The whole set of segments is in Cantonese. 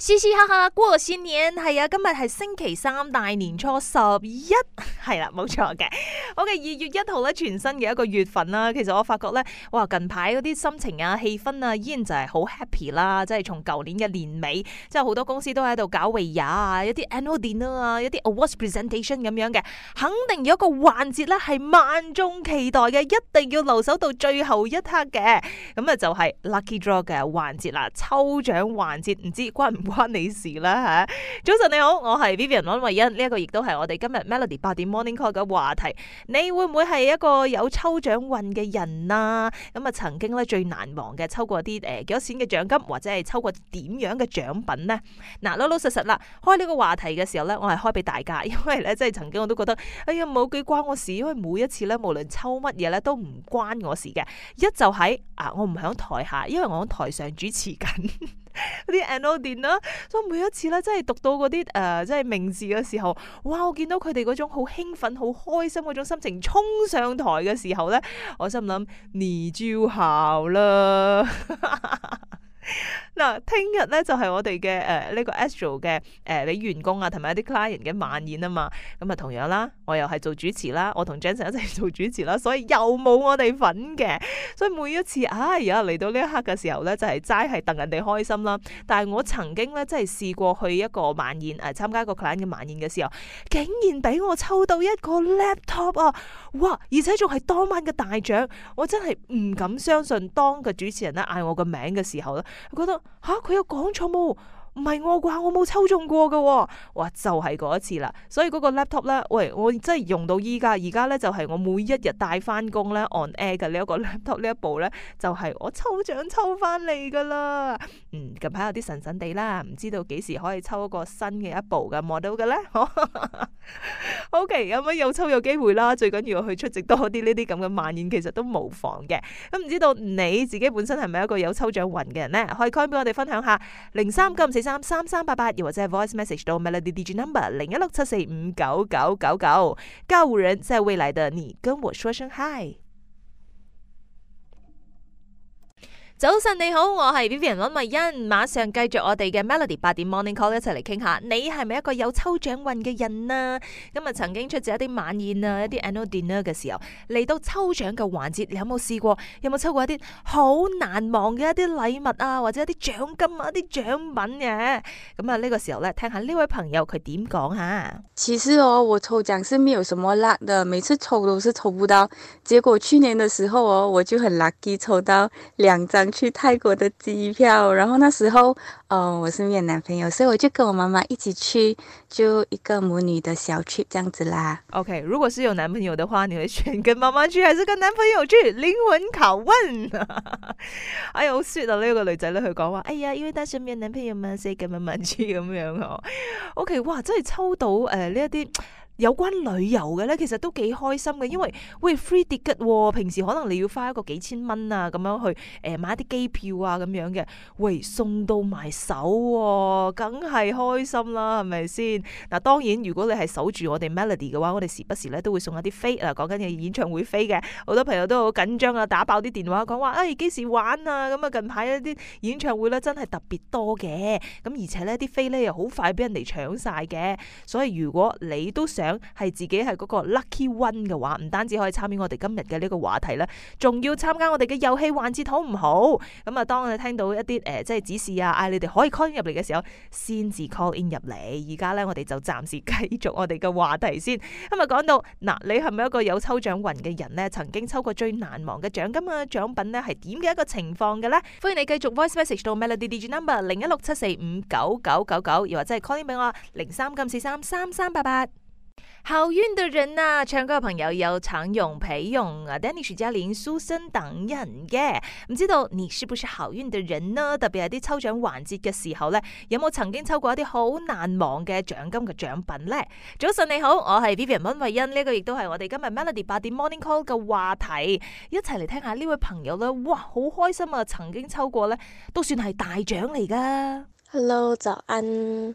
嘻嘻哈哈過新年，係啊！今日係星期三，大年初十一。 係啦，冇錯嘅。好嘅，okay，二月一號咧，全新嘅一個月份啦，啊。其實我發覺咧，哇，近排嗰啲心情啊，氣氛啊，依然就係好 happy 啦。即係從舊年嘅年尾，即係好多公司都喺度搞維也啊，一啲 annual dinner 啊，一啲 award presentation 咁樣嘅，肯定有一個環節咧係萬眾期待嘅，一定要留守到最後一刻嘅。咁啊，就係 lucky draw 嘅環節啦，抽獎環節，唔知關唔關你事啦吓，啊？早晨你好，我係 Vivian 文慧欣，呢，這，一個亦都係我哋今日 Melody 八點。Morning call 嘅話題，你會唔會係一個有抽獎運嘅人啊？咁啊，曾經咧，最難忘嘅抽過啲誒幾多錢嘅獎金，或者係抽過點樣嘅獎品呢？嗱，老老實實啦，開呢個話題嘅時候咧，我係開俾大家，因為咧即係曾經我都覺得哎呀冇幾關我事，因為每一次咧無論抽乜嘢咧，都唔關我事嘅。一就喺、是、啊，我唔喺台下，因為我喺台上主持緊。 啲 a n n o t a 所以每一次咧、呃，真係讀到嗰啲誒，即係名字嘅時候，哇！我見到佢哋嗰種好興奮、好開心嗰種心情衝上台嘅時候咧，我心諗你朝效啦。嗱，聽日咧就係我哋嘅誒呢個 Astro 嘅誒，你、呃呃、員工啊同埋一啲 client 嘅晚宴啊嘛，咁啊同樣啦，我又係做主持啦，我同 Jensen 一齊做主持啦，所以又冇我哋份嘅，所以每一次，唉、哎，有人嚟到呢一刻嘅時候咧，就係齋係戥人哋開心啦。但係我曾經咧，真係試過去一個晚宴誒，參、呃、加一個 client 嘅晚宴嘅時候，竟然俾我抽到一個 laptop 啊，哇！而且仲係當晚嘅大獎，我真係唔敢相信，當個主持人咧嗌我個名嘅時候咧，我覺得。吓佢、啊、有講錯冇？唔係我啩，我冇抽中過嘅、哦。哇，就係嗰一次啦。所以嗰個 laptop 咧，喂，我真係用到依家。而家咧就係、是、我每一日帶翻工咧 on air 嘅呢一個 laptop 呢一部咧，就係、是、我抽獎抽翻嚟噶啦。嗯，近排有啲神神地啦，唔知道幾時可以抽一個新嘅一部嘅摸到嘅咧。 O.K. 咁樣有抽有機會啦，最緊要去出席多啲呢啲咁嘅晚宴，其實都無妨嘅。咁唔知道你自己本身係咪一個有抽獎運嘅人咧？可以 call 俾我哋分享下零三九五四三三三八八，又或者係 voice message 到 melody Digi number 零一六七四五九九九九。交吾人即係未來的你，跟我說聲嗨。早晨你好，我係 Vivian 溫慧欣，馬上繼續我哋嘅 Melody 八點 Morning Call 一齊嚟傾下，你係咪一個有抽獎運嘅人啊？咁啊，曾經出席一啲晚宴啊，一啲 Annual Dinner 嘅時候，嚟到抽獎嘅環節，你有冇試過？有冇抽過一啲好難忘嘅一啲禮物啊，或者一啲獎金啊，一啲獎品嘅？咁啊，呢、嗯，這個時候咧，聽下呢位朋友佢點講吓。其實哦，我抽獎是沒有什麼 luck 嘅，每次抽都是抽不到。結果去年嘅時候哦，我就很 lucky 抽到兩張去泰國的機票，然後那時候，哦、我是沒有男朋友，所以我就跟我媽媽一起去，就一個母女的小 trip。r 這樣子啦。OK，如果是有男朋友的話，你會選跟媽媽去還是跟男朋友去？靈魂拷問！ 哎呦，好 sweet 啊，呢個女仔都去講話，哎呀，因為當時沒有男朋友嘛，所以跟媽媽去，咁樣哦、啊。OK，哇，真係抽到呢一啲。呃有關旅遊嘅咧，其實都幾開心嘅，因為喂 free ticket 喎、哦，平時可能你要花一個幾千蚊啊，咁樣去誒、呃、買啲機票啊，咁樣嘅，喂送到埋手，梗係開心啦，係咪先？嗱，當然，當然如果你係守住我哋 Melody 嘅話，我哋時不時咧都會送一啲飛啊，講緊嘅演唱會飛嘅，好多朋友都好緊張啊，打爆啲電話講話，哎幾時玩啊？咁啊近排一啲演唱會咧真係特別多嘅，咁而且呢啲飛咧又好快俾人哋搶晒嘅，所以如果你都想，係自己係嗰個 lucky one 嘅話，唔單止可以參與我哋今日嘅呢個話題啦，仲要參加我哋嘅遊戲環節，好唔好？咁啊，當我哋聽到一啲誒、呃，即係指示啊，嗌你哋可以 call in 入嚟嘅時候，先至 call in 入嚟。而家咧，我哋就暫時繼續我哋嘅話題先。今日講到嗱，你係咪一個有抽獎運嘅人呢？曾經抽過最難忘嘅獎金啊，獎品呢係點嘅一個情況嘅咧？歡迎你繼續 voice message 到 melody DJ number 零一六七四五九九九九，又或者係 call in 俾我零三九四三三三八八。好運的人啊，唱歌嘅朋友有橙勇、皮勇啊、Dennis、徐嘉玲、Susan 等人嘅，唔知道你是不是好運的人呢？特別係啲抽獎環節嘅時候咧，有冇曾經抽過一啲好難忘嘅獎金嘅獎品咧？早晨你好，我係 Vivian 温慧欣，呢、這個亦都係我哋今日 Melody 八點 Morning Call 嘅話題，一齊嚟聽下呢位朋友咧，哇，好開心啊！曾經抽過咧，都算係大獎嚟噶。Hello，早安。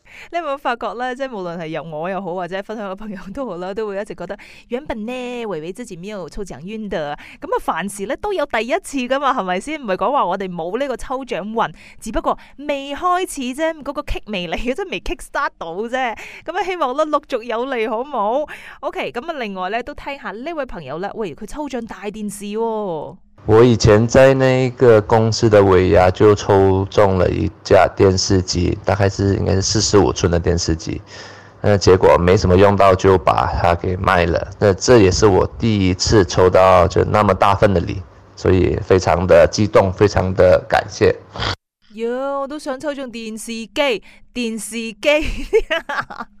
你有冇發覺咧？即係無論係由我又好，或者分享個朋友都好啦，都會一直覺得樣笨咧。維維之前邊度抽獎冤的咁啊？凡事咧都有第一次噶嘛，係咪先？唔係講話我哋冇呢個抽獎運，只不過未開始啫，嗰、那個 kick 未嚟嘅，即係未 kick start 到啫。咁啊，希望咧陸續有嚟好好，好唔好？OK，咁啊，另外咧都聽下呢位朋友咧，喂，佢抽獎大電視、哦。我以前在那個公司的尾牙就抽中了一架電視機，大概是應該是四十五寸的電視機，那，結果沒什麼用到就把它給賣了。那這也是我第一次抽到就那麼大份的禮，所以非常的激動，非常的感謝。喲，我都想抽中電視機，電視機。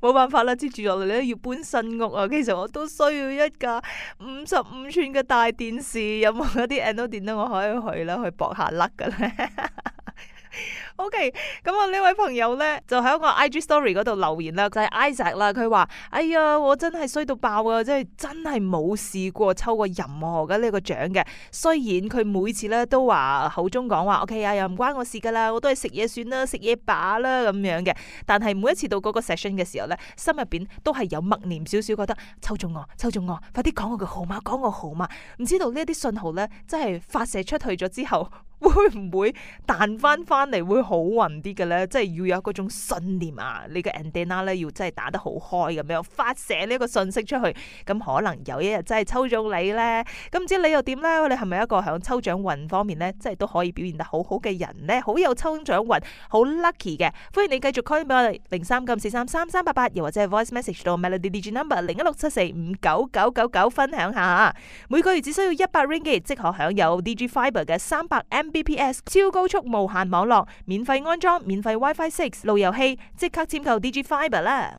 冇辦法啦，接住落嚟咧要搬新屋啊！其實我都需要一架五十五吋嘅大電視，有冇一啲 Android 咧，我可以去啦，去搏下甩嘅咧。 O K，咁啊呢位朋友咧就喺我 I G Story 嗰度留言啦，就係、是、Isaac 啦。佢話：哎呀，我真係衰到爆啊，即係真係冇試過抽過任何嘅呢個獎嘅。雖然佢每次咧都話口中講話 O K 啊，okay, 又唔關我事噶啦，我都係食嘢算啦，食嘢把啦咁樣嘅。但係每一次到嗰個 session 嘅時候咧，心入邊都係有默念少少，覺得抽中我，抽中我，快啲講我個號碼，講我個號碼。唔知道呢一啲信號咧，真係發射出去咗之後。 會唔會彈翻翻嚟會好運啲嘅咧？即係要有嗰種信念啊！你嘅 antenna 咧要真係打得好開咁樣，要發射呢個信息出去，咁可能有一日真係抽中你咧。咁唔知你又點咧？我哋係咪一個響抽獎運方面咧，即係都可以表現得好好嘅人咧？好有抽獎運，好 lucky 嘅。歡迎你繼續 call 俾我哋零三九四三三三八八，8, 又或者係 voice message 到 melody digi number 零一六七四五九九九九分享下。每個月只需要一百 ringgit 即可享有 dg fiber 嘅三百 m。bps 超高速無限網絡，免費安裝，免費 WiFi Six 路由器，即刻簽購 DG Fiber 啦！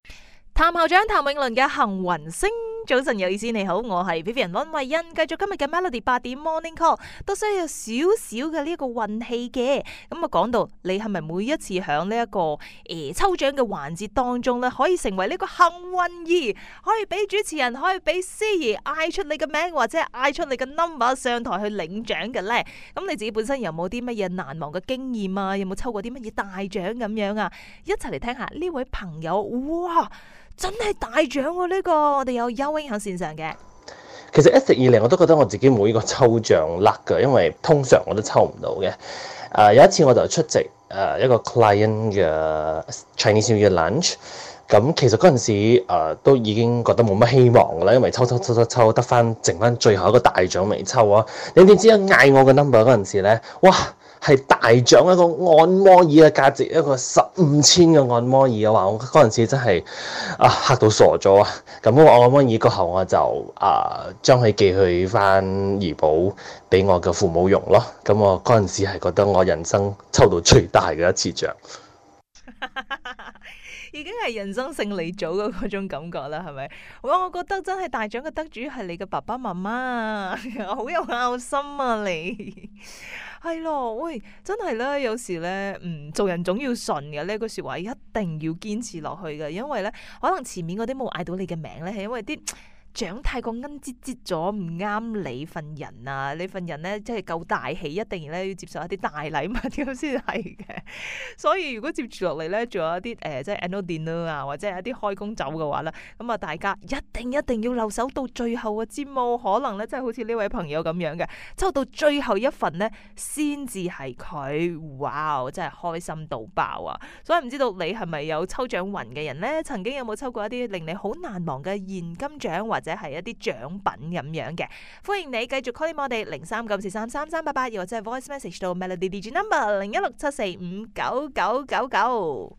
譚校長譚詠麟嘅幸運星，早晨有意思，你好，我係 Vivian 溫慧欣，繼續今日嘅 Melody 八點 Morning Call，都需要少少嘅呢個運氣嘅。咁、嗯、啊，講到你係咪每一次響呢一個誒、欸、抽獎嘅環節當中咧，可以成為呢個幸運兒，可以俾主持人，可以俾司儀嗌出你嘅名或者嗌出你嘅 number 上台去領獎嘅咧？咁、嗯、你自己本身有冇啲乜嘢難忘嘅經驗啊？有冇抽過啲乜嘢大獎咁樣啊？一齊嚟聽下呢位朋友，哇！真係大獎喎、啊！呢、這個我哋有優惠喺線上嘅。其實一直以嚟我都覺得我自己每個抽獎甩㗎，因為通常我都抽唔到嘅。誒、呃、有一次我就出席誒、呃、一個 client 嘅 Chinese New Year lunch，咁、嗯、其實嗰陣時、呃、都已經覺得冇乜希望㗎啦，因為抽抽抽抽抽得翻剩翻最後一個大獎未抽啊！你哋知啊嗌我嘅 number 嗰陣時咧，哇！係大獎，一個按摩椅嘅，價值一個十五千嘅按摩椅嘅話，我嗰陣時真係啊嚇到傻咗啊！咁個按摩椅嗰後，我就啊將佢寄去返怡保俾我嘅父母用咯。咁我嗰陣時係覺得我人生抽到最大嘅一次獎。 已經係人生勝利組嘅嗰種感覺啦，係咪？我我覺得真係大獎嘅得主係你嘅爸爸媽媽啊， 好有孝心啊！你係 咯，喂，真係咧，有時咧，嗯，做人總要順嘅，呢句說話一定要堅持落去嘅，因為咧，可能前面嗰啲冇嗌到你嘅名咧，係因為啲。獎太過恩摺摺咗，唔啱你份人啊！你份人咧，即係夠大氣，一定咧要接受一啲大禮物咁先係嘅。 所以如果接住落嚟咧，仲有一啲誒、呃，即係 annual dinner 啊，o, 或者係一啲開工酒嘅話咧，咁啊大家一定一定要留守到最後嘅節目，可能咧即係好似呢位朋友咁樣嘅，抽到最後一份呢，先至係佢。哇！真係開心到爆啊！所以唔知道你係咪有抽獎運嘅人咧？曾經有冇抽過一啲令你好難忘嘅現金獎或？或者係一啲獎品咁樣嘅，歡迎你繼續 call 嚟我哋零三九四三三三八八，又或者係 voice message 到 Melody DJ number 零一六七四五九九九九。